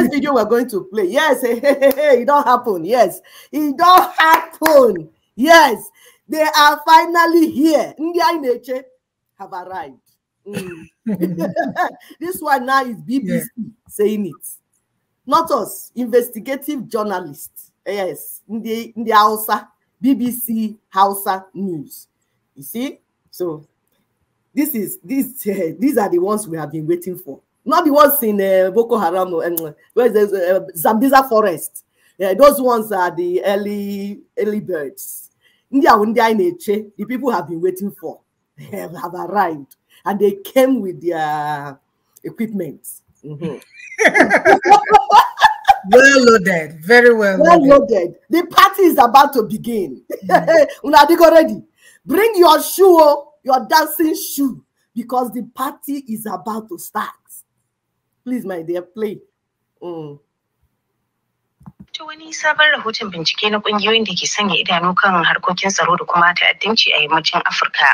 Next video we're going to play. Yes, hey, hey, it don't happen. Yes, it don't happen. Yes, they are finally here. India nature have arrived. Mm. this one now is BBC yeah. saying it, not us, investigative journalists. Yes, in the, in the Hausa, BBC Hausa News. You see, so this is this. Uh, these are the ones we have been waiting for. Not the ones in uh, Boko Haram, and where there's uh, Zambeza forest. Yeah, those ones are the early early birds. the people have been waiting for have, have arrived, and they came with their equipment. Mm mm-hmm. -hmm. well loaded, very well, well loaded. loaded. The party is about to begin. Mm-hmm. ready. Bring your shoe, oh, your dancing shoe, because the party is about to start. Please, my dear, play. Mm. ta wani sabon rahoton bincike na kungiyoyin da ke sanya idanu kan harkokin tsaro da kuma ta'addanci a yammacin afirka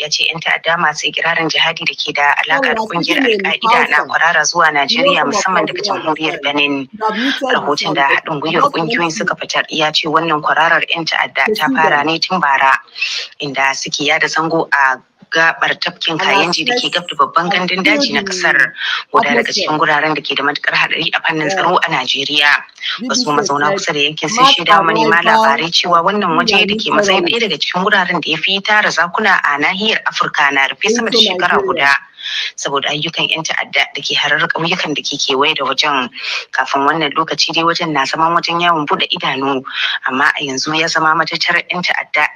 ya ce 'yan ta'adda masu ikirarin jihadi da ke da alaƙa da kungiyar alka'ida na kwarara zuwa najeriya musamman daga jamhuriyar benin rahoton da haɗin gwiwar kungiyoyin suka fitar ya ce wannan kwararar 'yan ta'adda ta fara ne tun bara inda suke yada zango a gabar tafkin kayanji da ke gab da babban gandun daji na kasar guda daga cikin guraren da ke da matukar hadari a fannin tsaro a Najeriya. Wasu mazauna kusa da yankin sun shaida manema labarai cewa wannan waje da ke matsayin ɗaya daga cikin guraren da ya fi tara zakuna a nahiyar Afirka na rufe sama da shekara guda. saboda ayyukan 'yan kewaye da wajen kafin wannan lokaci dai wajen na zama wajen yawon idanu amma a yanzu ya zama da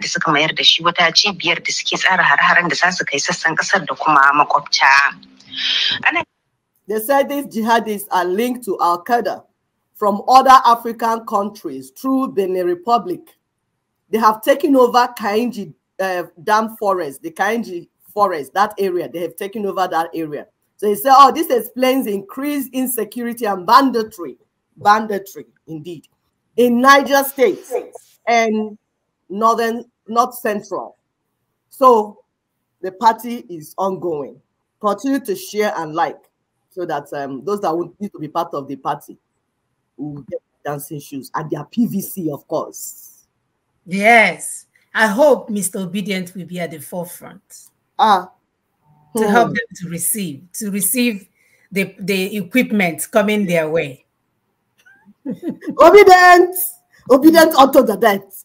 suka mayar da shi wata cibiyar da suke tsara har-haren da kai sassan da kuma makwabta. They said these jihadists are linked to Al Qaeda from other African countries through Benin Republic. They have taken over Kainji uh, dam forest, the Kainji forest, that area. They have taken over that area. So he said, oh, this explains increased insecurity and banditry. Banditry, indeed. In Niger State and northern, north central. So the party is ongoing. Continue to share and like so that um, those that would need to be part of the party will get dancing shoes and their PVC, of course. Yes. I hope Mr. Obedient will be at the forefront. Ah. To mm. help them to receive, to receive the, the equipment coming their way. obedient, obedient unto the death,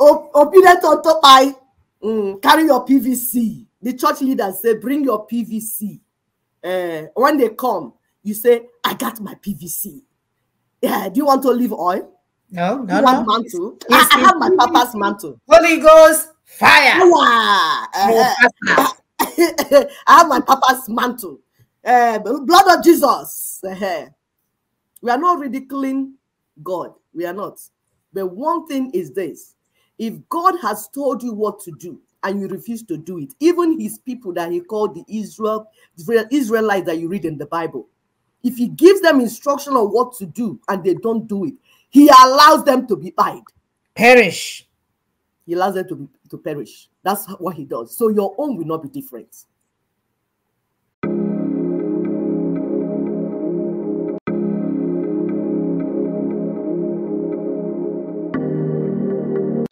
o obedient unto I mm, carry your PVC. The church leader say, bring your PVC. Uh, eh, when they come, you say, I got my PVC. Yeah, do you want olive oil? No, no, you want no. mantle? It's, it's, I, I have my papa's mantle. Holy Ghost Fire. I eh, eh. ah, eh, have my papa's mantle. Uh, blood of Jesus. Uh, we are not ridiculing God. We are not. But one thing is this if God has told you what to do and you refuse to do it, even his people that he called the Israel, Israelites that you read in the Bible, if he gives them instruction on what to do and they don't do it, he allows them to be eyed. Perish he allows them to, to perish. That's what he does. So your own will not be different.